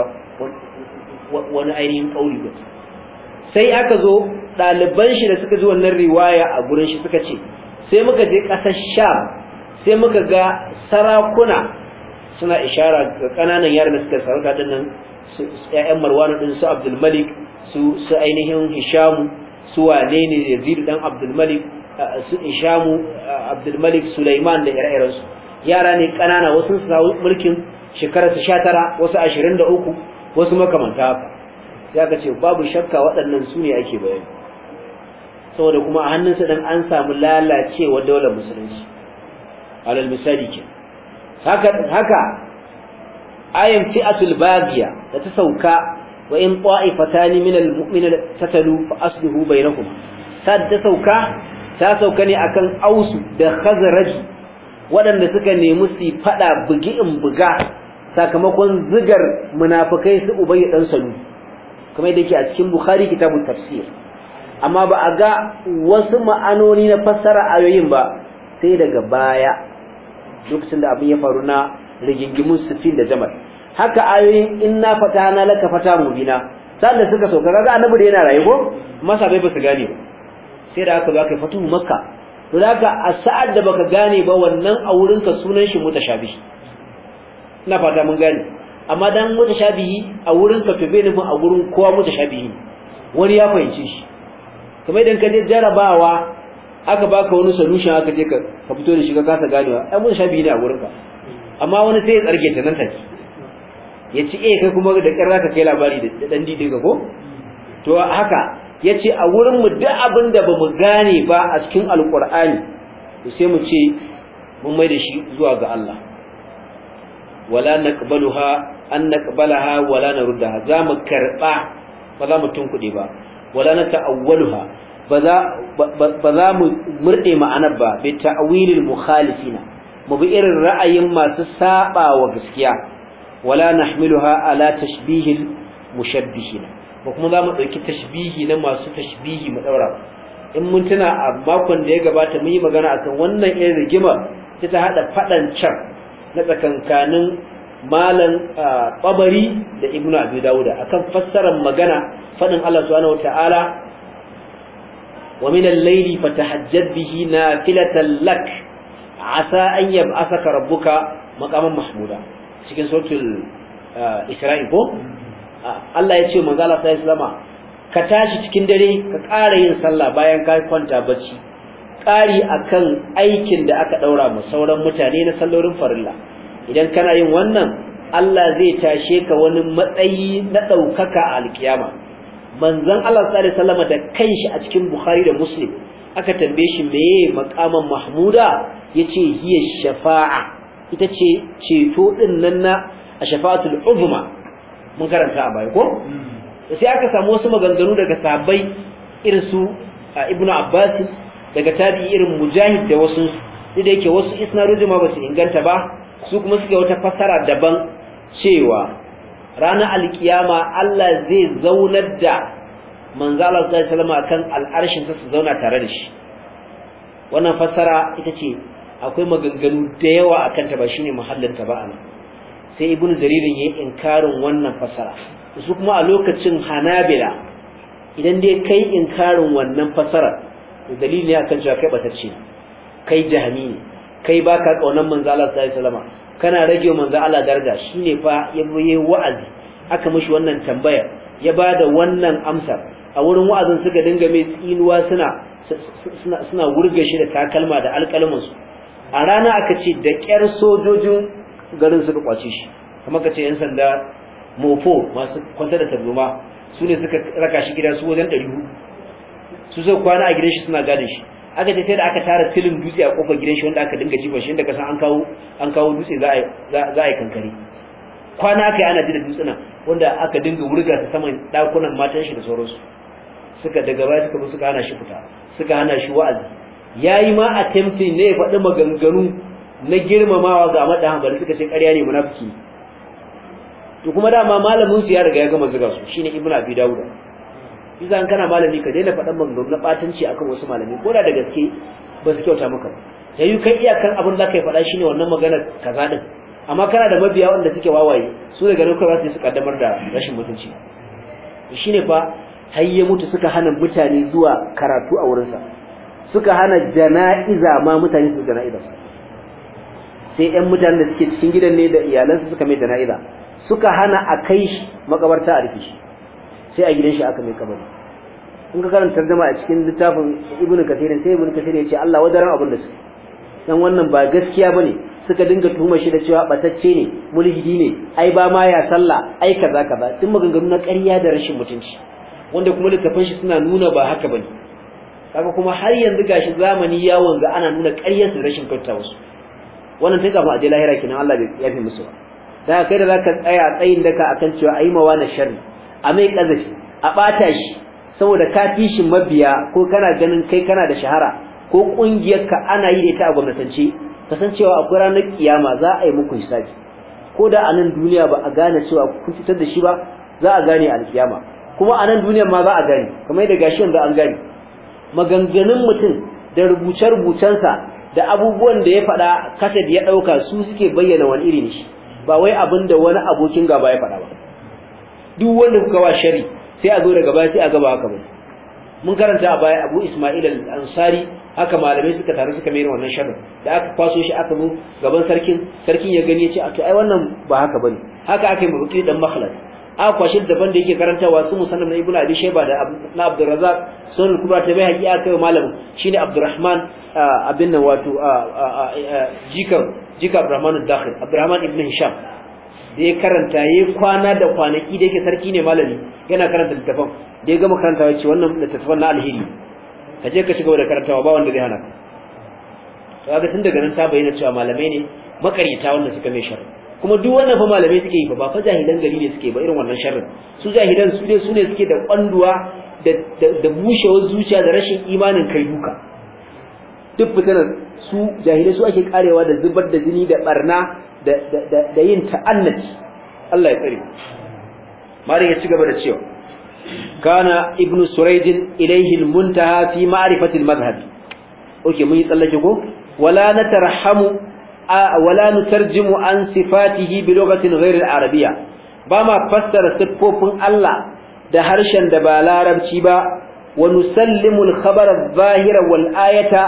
wani ainihin kauri ba sai aka zo ɗaliban shi da suka ji wannan riwaya a gurin shi suka ce sai muka je ƙasar sham sai muka ga sarakuna suna ishara ga ƙananan yaran da suka sarauta din nan su ƴaƴan marwan din su abdul su ainihin hishamu su wane ne yazid dan abdul su ishamu abdulmalik sulaiman da ire-irensu yara ne ƙanana wasu sa mulkin shekarar su sha tara wasu ashirin da uku wasu makamanta haka ya ka babu shakka waɗannan su ne ake bayani saboda kuma a hannunsa ɗin an samu lalacewa daular musulunci alal misali ke haka haka ayan fi'atul bagiya da ta sauka wa in ta'ifatani min al-mu'minin tatalu fa aslihu bainahuma sad ta sauka ta sauka ne akan ausu da khazraj waɗanda suka nemi su fada bugi in buga sakamakon zigar munafikai su ubay dan salu kamar yadda yake a cikin bukhari kitabun tafsir amma ba a ga wasu ma'anoni na fassara ayoyin ba sai daga baya lokacin da abin ya faru na rigingimun sifin da jamal haka ayoyin inna fatana laka fata mubina sanda suka sauka kaga annabi da yana rayuwa masa bai ba su gane ba sai da aka baka fatu makka to daga a sa'ad da baka gane ba wannan a wurin ka sunan shi mutashabi ina fata mun gane amma dan mutashabi a wurin ka fi bai nufin a wurin kowa mutashabi wani ya fahimci shi kamar idan ka je jarabawa aka baka wani solution aka je ka ka fito da shi ka kasa ganewa ai mutashabi ne a wurin ka amma wani sai ya tsarge ta nan take ya ci eh kai kuma da kyar zaka kai labari da dan didi ga ko to haka yace a wurin mu duk abin da ba mu gane ba a cikin Alƙur'ani. to sai mu ce mun mai da shi zuwa ga Allah wala naqbaluha an naqbalaha wala naruddaha za mu karɓa. ba za mu tunkuɗe ba wala na ta'awwaluha ba za mu murde ma'anar ba Bai ta'awilil mukhalifina mu bi irin ra'ayin masu saɓawa wa gaskiya wala nahmiluha ala tashbihil mushabbihina kuma za mu ɗauki tashbihi na masu tashbihi mu ɗaura in mun tuna a makon da ya gabata mun yi magana kan wannan irin rigima ta ta haɗa faɗan can na tsakankanin Malam tsabari da ibnu abi dawuda akan fassarar magana faɗin Allah subhanahu wataala wa min al-layli fatahajjad bihi nafilatan lak asa an yab'asaka rabbuka maqaman mahmuda cikin suratul isra'i ko Allah ya ce manzo Allah sai alaihi ka tashi cikin dare ka ƙara yin sallah bayan ka kwanta bacci ƙari akan aikin da aka daura mu sauran mutane na sallolin farilla idan kana yin wannan Allah zai tashe ka wani matsayi na ɗaukaka a alkiyama manzon Allah sallallahu alaihi wasallam da kanshi a cikin Bukhari da Muslim aka tambaye shi meye makaman Mahmuda yace hiya shafa'a ita ce ceto din nan na a shafa'atul uzma mun karanta a baya ko mm. sai aka samu wasu maganganu daga sabai irin su ibnu abbas daga tarihi irin mujahid da wasu da yake wasu isnadojin ma ba su inganta ba su kuma suke wata fassara daban cewa ranar alkiyama Allah zai zaunar da Manzala Allah sallallahu alaihi akan al'arshin sa su zauna tare da shi wannan fassara ita ce akwai maganganu da yawa akan ta ba shine muhallin ta ba anan sai ibnu jaririn yayin inkarin wannan fasara su kuma a lokacin hanabila idan dai kai inkarin wannan fasara dalili ne akan cewa kai ce kai jahmi kai baka kaunan manzo Allah sallallahu alaihi wasallam kana rage manzo Allah darga shine fa yayi wa'azi aka mishi wannan tambaya ya bada wannan amsa a wurin wa'azin suka dinga mai tsinuwa suna suna suna shi da takalma da alƙalmansu a rana aka ce da ƙyar sojojin garin suka kwace shi kamar ka ce yan sanda mofo masu kwanta da tarzoma su ne suka raka shi gida su wajen ɗari su suka kwana a gidan shi suna gadin shi aka ce sai da aka tara filin dutse a kofar gidan shi wanda aka dinga jifa shi inda ka san an kawo an kawo dutse za a yi kankare kwana aka yi ana jira dutsuna wanda aka dinga wurga ta saman ɗakunan matan shi da sauransu suka daga baya suka bi suka hana shi fita suka hana shi wa'azi yayi ma attempting ne ya faɗi maganganu na girmamawa ga Ahmad dan Hanbali suka ce ƙarya ne munafiki to kuma dama malamin su ya riga ya gama zuga su shine ibnu Abi Da'uda. idan kana malami ka daina faɗan maganganu na batanci akan wasu malami ko da da gaske ba su kyauta maka yayi kai iyakar abin da kai faɗa shine wannan magana kaza din amma kana da mabiya wanda suke wawaye su daga nan kawai za su kaddamar da rashin mutunci shine fa har mutu suka hana mutane zuwa karatu a wurinsa suka hana jana'iza ma mutane su jana'iza sai ƴan mutanen da suke cikin gidan ne da iyalansa suka mai jana'iza suka hana a kai shi makabarta a rufe shi sai a gidan shi aka mai kabari in ka karanta tarjuma a cikin littafin ibnu kathir sai ibnu kathir ya ce Allah wadaran abin da su dan wannan ba gaskiya bane suka dinga tuhuma shi da cewa batacce ne mulhidi ne ai ba ma ya sallah ai kaza kaza duk maganganu na ƙarya da rashin mutunci wanda kuma littafin shi suna nuna ba haka bane kaga kuma har yanzu gashi zamani ya wanga ana nuna ƙaryar da rashin kyautawa su wannan tun kafin a lahira kenan Allah bai yafe musu ba da kai da zaka tsaya tsayin daka akan cewa ayi mawa na sharri a mai kazafi a bata shi saboda ka fi mabiya ko kana ganin kai kana da shahara ko kungiyarka ana yi da ita a gwamnatance kasancewa akwai ranar kiyama za a yi muku hisabi ko da a nan duniya ba a gane cewa kun fitar da shi ba za a gane a kiyama kuma a nan duniyar ma za a gane kamar yadda gashi yanzu an gane maganganun mutum da rubuce-rubucensa da abubuwan da ya faɗa kasad ya ɗauka su suke bayyana wani irin shi ba wai abin da wani abokin gaba ya faɗa ba duk wanda kuka wa shari sai a zo daga baya sai a gaba haka ba mun karanta a baya Abu Isma'il al-Ansari haka malamai suka taru suka mai wannan sharrin da aka kwaso shi aka zo gaban sarkin sarkin ya gani ya ce a to ai wannan ba haka bane haka aka yi mabuki dan makhlas akwashin daban da yake karantawa su musannaf na ibnu abi shayba da na abdurrazzaq sunan kubra ta bai haƙi kai malamin shine abdurrahman abin nan wato jikar jikar rahmanu dakhil abdurrahman ibn hisham da ya karanta ya kwana da kwanaki da yake sarki ne malami yana karanta littafin da ya gama karantawa ya ce wannan littafin na alheri ka je ka ci gaba da karantawa ba wanda zai hana ka to ga tun daga nan ta bayyana cewa malamai ne makarita wanda suka mai sharri kuma duk wannan fa malamai suke yi ba fa jahilan gari ne suke ba irin wannan sharrin su jahilan su ne su ne suke da kwanduwa da bushewar zuciya da rashin imanin kai duka duk fitanar su jahilai su ake karewa da zubar da jini da barna da yin ta'annaci Allah ya tsare mari ya ci gaba da cewa kana ibnu surayd ilaihi al-muntaha fi ma'rifati al-madhhab okay mun yi tsallake ko wala natarhamu wala nutarjimu an sifatihi bi lughatin ghayr al-arabiyya ba ma fassara siffofin Allah da harshen da ba larabci ba wa nusallimu al-khabara adh-dhahira wal ayata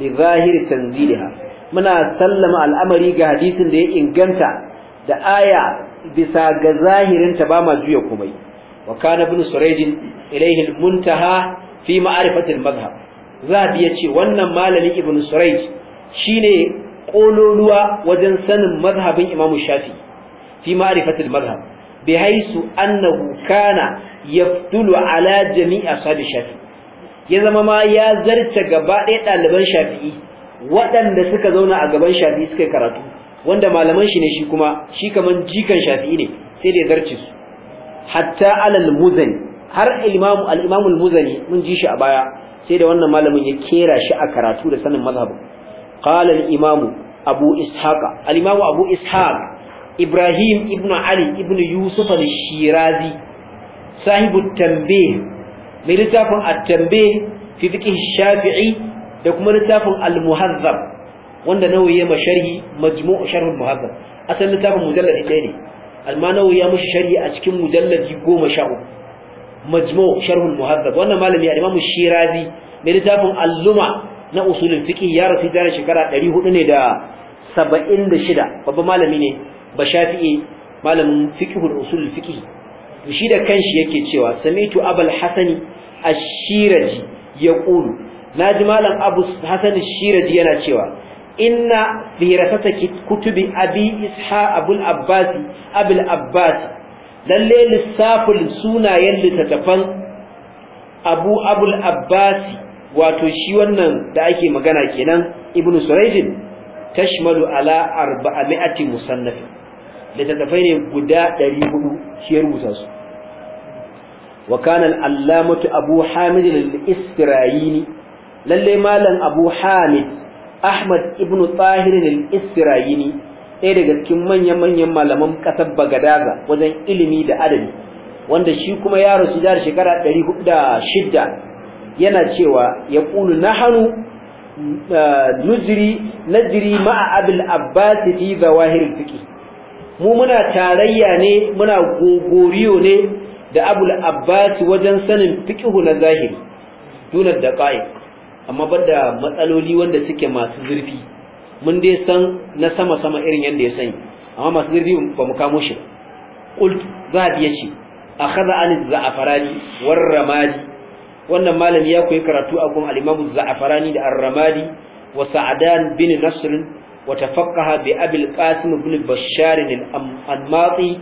li zahiri tanziliha muna sallama al'amari ga hadisin da ya inganta da aya bisa ga zahirinta ba ma juya komai wa kana ibn surayd ilayhi al-muntaha fi ma'rifati al-madhhab zabi yace wannan malami ibn surayd shine ƙololuwa wajen sanin mazhabin imamu shafi fi ma'rifatul mazhab bi haisu annahu kana yaftulu ala Jami'a ashabi shafi ya zama ma ya zarce gaba ɗaya ɗaliban shafi'i waɗanda suka zauna a gaban shafi'i suka karatu wanda malaman shi ne shi kuma shi kaman jikan shafi'i ne sai da ya zarce su hatta alal muzani har al-imamu al-imamu al-muzani mun ji shi a baya sai da wannan malamin ya kera shi a karatu da sanin mazhabin qala al-imam abu ishaq ibrahim ibn ali ibn yusuf al-shirazi sahibu tanbih mai littafin at-tanbih shafi'i da kuma littafin al-muhazzab wanda nawawi ya masharhi majmu' sharh al-muhazzab asalin littafin mujallad ɗaya ne amma nawawi ya mushi sharhi a cikin mujalladi 13 majmu' sharh al-muhazzab wannan malami shirazi mai littafin alluma. na usulul fiqh ya rasu da shekara 400 ne da 76 babban malami ne ba shafi'i malamin fiqh usulul fiqh shi da kanshi yake cewa samitu abul hasani ash-shiraji yaqulu naji malam abu hasan ash-shiraji yana cewa inna fi rasataki kutubi abi isha abul abbas abul abbas lalle lissafin sunayen littattafan abu abul Abbasi. wato shi wannan da ake magana kenan ibnu suraidin tashmalu ala arba'ati musannaf littattafai ne guda 400 shi ya rubuta su wa kana al-allamatu abu hamid al-isra'ini lalle malam abu hamid ahmad ibnu tahir al-isra'ini ɗaya daga cikin manyan manyan malaman ƙasar Bagadaga wajen ilimi da adabi wanda shi kuma ya rasu da shekara 406 yana cewa ya ƙunu na hannu uh, nuziri ma'a abil abbas fi zawahir fiqi mu muna tarayya ne muna gogoriyo ne da abul abbas wajen sanin fiƙihu na zahiri dunar da qa'i amma banda matsaloli wanda suke masu zurfi mun dai san na sama sama irin yanda ya sani amma masu zurfi ba mu kamo shi qult zabi yace akhadha an zafarani war ramadi wannan malami ya koyi karatu a gun al-Imam Za'farani da Ar-Ramadi wa Sa'dan bin Nasr wa tafaqqaha bi Abi al-Qasim ibn Bashar al-Ammati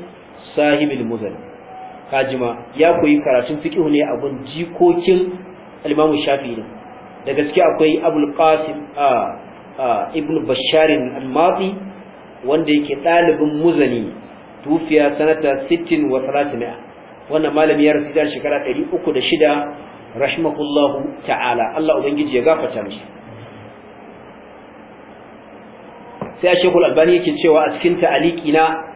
sahib al-Muzan kajima ya koyi karatun fiqh ne a gun jikokin al-Imam Shafi'i da gaske akwai Abu al-Qasim a ibn Bashar al-Ammati wanda yake dalibin Muzani tufiya sanata 60 wa 300 wannan malami ya rasu da shekara 306 rahimahullahu ta'ala Allah ubangiji ya gafarta mishi sai Sheikh Al-Albani yake cewa a cikin ta'aliki na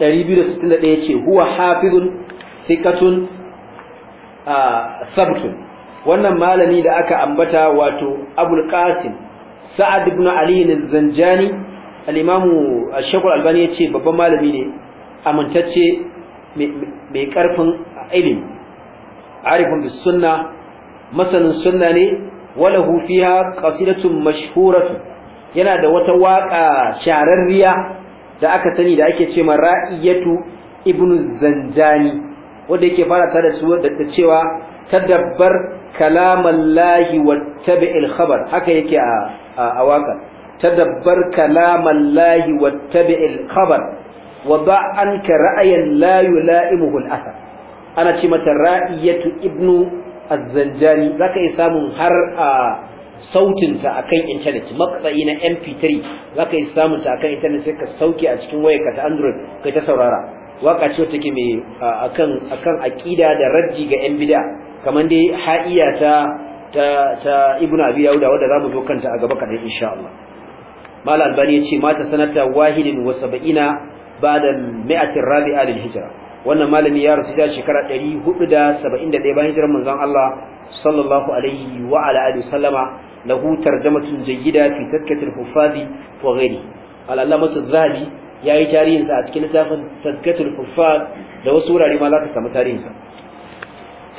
261 yake huwa hafizun thiqatun sabtun wannan malami da aka ambata wato Abul Qasim Sa'ad ibn Ali al-Zanjani al-Imamu Sheikh Al-Albani yace babban malami ne amintacce mai karfin ilimi arifun bis sunna masanin sunna ne walahu fiha qasidatun mashhuratu yana da wata waka shararriya da aka sani da ake cewa ra'iyatu ibn zanjani wanda yake fara ta da su da cewa tadabbar kalamallahi wattabi'il khabar haka yake a a waka tadabbar kalamallahi wattabi'il khabar wada anka ra'ayan la yula'imuhu al-athar ana ce mata ra'iyatu ibnu azzanjani za ka iya samun har a sautinta a kan intanet matsayi na mp3 za ka iya samunta a kan intanet sai ka sauke a cikin wayarka ta android kai ta saurara waka ce take mai akan akan aqida da raddi ga yan bid'a kamar dai ha'iya ta ta ibnu abi yauda wanda zamu zo kanta a gaba kadan insha Allah mal albani yace mata sanata wahidin wa sab'ina ba'da mi'atir rabi'a lil hijra wannan malami ya rasu da shekara 471 bayan hijirar manzon Allah sallallahu alaihi wa ala alihi sallama lahu tarjamatun jayyida fi tazkiyatul huffazi wa ghairi al-allama az-zahabi yayi tarihin sa a cikin littafin tazkiyatul huffaz da wasu wurare ma za ka samu tarihin sa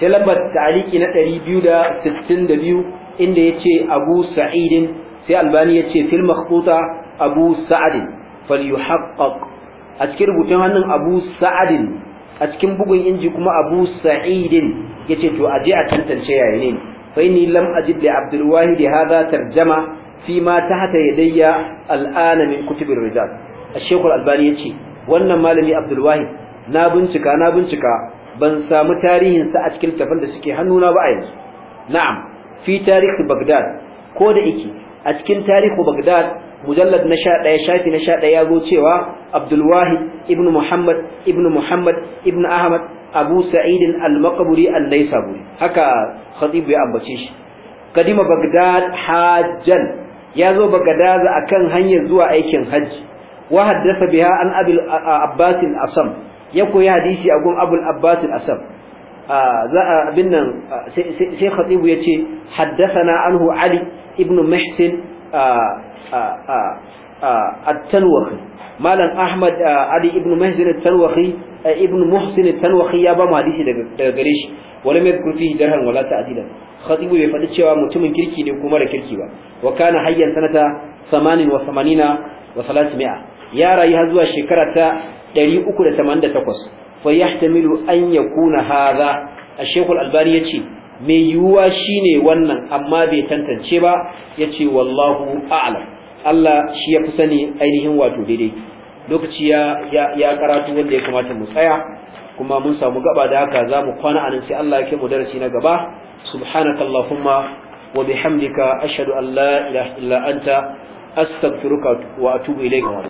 sai lambar ta'aliki na 262 inda yace Abu Sa'id sai Albani yace fil makhbuta Abu Sa'd falyuhaqqaq a cikin rubutun hannun Abu Sa'd a cikin bugun inji kuma abu sa'idin ce to je a tantance yayi ne fa inni lam ajid li abdul wahid hadha tarjama fi ma tahta yadayya al'ana min kutubir rijal ash-shaykh al-albani yace wannan malami abdul wahid na bincika na bincika ban samu tarihin sa a cikin tafan da suke hannuna ba a yanzu na'am fi tarihi bagdad ko da yake a cikin tarihi bagdad mujallad na 11 shafi na 11 ya zo cewa Abdul Wahid ibn Muhammad Ibnu Muhammad Ibnu Ahmad Abu Sa'idin al-Maqburi al-Laysaburi haka khatib ya ambace shi kadima Baghdad hajjan ya zo Baghdad akan hanyar zuwa aikin hajji wa haddatha biha an Abi Abbas al-Asam ya koyi hadisi a gun abul Abbas al a za abin nan sai khatib ya ce haddathana anhu Ali Ibnu Muhsin at-tanwakhi malam ahmad ali ibn mahzin at-tanwakhi ibn muhsin at-tanwakhi ya bamu mu hadisi daga gare shi wala mai kurfi darhan wala ta'dila khatibu bai faɗi cewa mutumin kirki ne kuma da kirki ba wa kana hayyan sanata 88 wa 300 ya rayu har zuwa shekara ta 388 fa yahtamilu an yakuna hadha ash-shaykh al-albani yace mai yiwuwa ne wannan amma bai tantance ba yace wallahu a'lam Allah shi ya fi sani ainihin wato daidai lokaci ya ya karatu wanda ya kamata mu tsaya kuma mun samu gaba da haka za mu kwana anan sai Allah ya mu darasi na gaba subhanakallahumma wa bihamdika ashhadu an la ilaha illa anta astaghfiruka wa atubu ilayk